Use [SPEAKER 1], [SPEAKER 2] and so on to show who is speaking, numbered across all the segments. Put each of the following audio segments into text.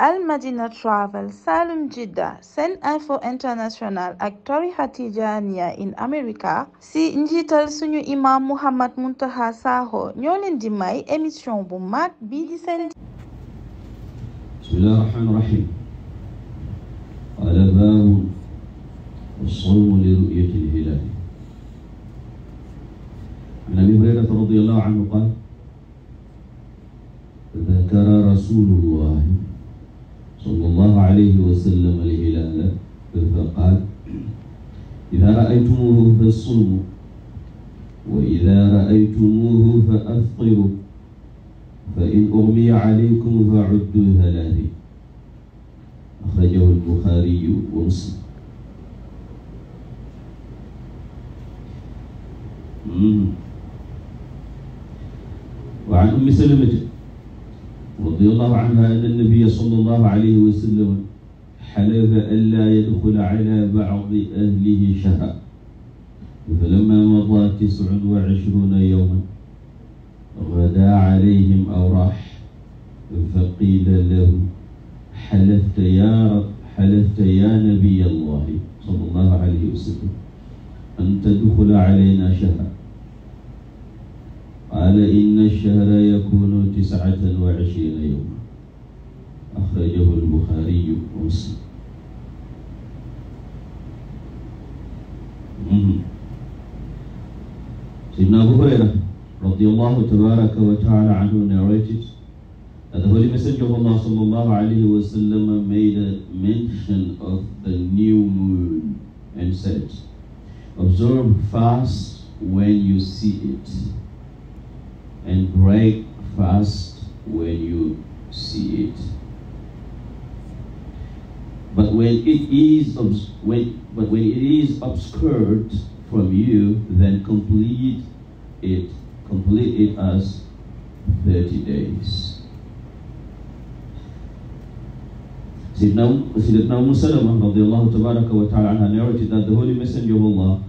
[SPEAKER 1] Al Madina Travel Salum Jidda SeneInfo International ak tarixa Tijaaniya in America si njiital suñu imam Mouhammad Muntaqa Sakho ñoo leen di may émission bu mag bii di seen bismillahi rahmaani rahim qaala baabun as-sawmu li ru'yati al-hilaal an Abi Hurayrata radiyallahu anhu qaala ذكر رسول عليه وسلم لهلال فقال إذا رأيتموه فصوموا وإذا رأيتموه فأفطروا فإن أغمي عليكم فعدوا هلاله أخرجه البخاري ومسلم وعن أم سلمة radiyallahu anha anna nabiyya sallallahu alayhi wa sallam xalafa an laa yadxula ala bacdi ahlihi shahra falamma madaa tiscun wa cishruuna yawman gadaa calayhim aw raax faqiila lahu xalafta yaa rab xalafta yaa nabiyya allahi sallallahu alayhi wa sallam an tadxula calaynaa shahra qaala inna ash-shahra yakunu tis'atan wa 'ishriina yawman axrajahu al-Buxaari wa Muslim Sayyidina Abu Hurayra radiyallahu tabaraka wa ta'ala anhu narrated that the Holy Messenger of Allah sallallahu alayhi wa sallam made a mention of the new moon and said, Observe fast when you see it. and break fast when you see it. But when it is when but when it is obscured from you, then complete it complete it as thirty days. Sayyidina, Sayyidina Umm Salamah radiallahu tabaraka wa ta'ala narrated that the Holy Messenger of Allah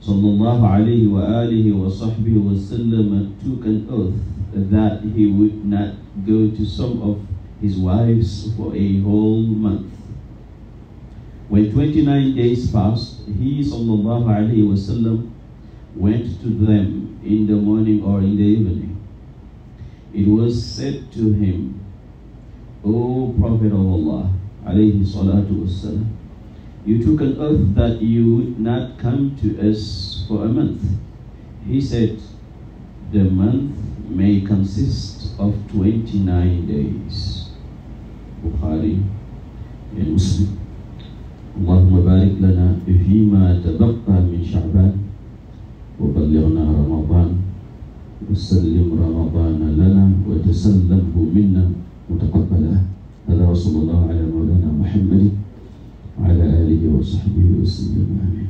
[SPEAKER 1] sallallahu alayhi wa alihi wa sahbihi wa sallam took an oath that he would not go to some of his wives for a whole month. When 29 days passed, he sallallahu alayhi wa sallam went to them in the morning or in the evening. It was said to him, O Prophet of Allah, alayhi salatu wasalam, You took an oath that you would not come to us for a month. He said, The month may consist of 29 days. Bukhari and Muslim. اللهم بارك لنا فيما تبقى من شعبان وبلغنا رمضان وسلم رمضان لنا وتسلمه منا متقبلا هذا وصلى الله على مولانا محمد Deus, meu Senhor. Amém.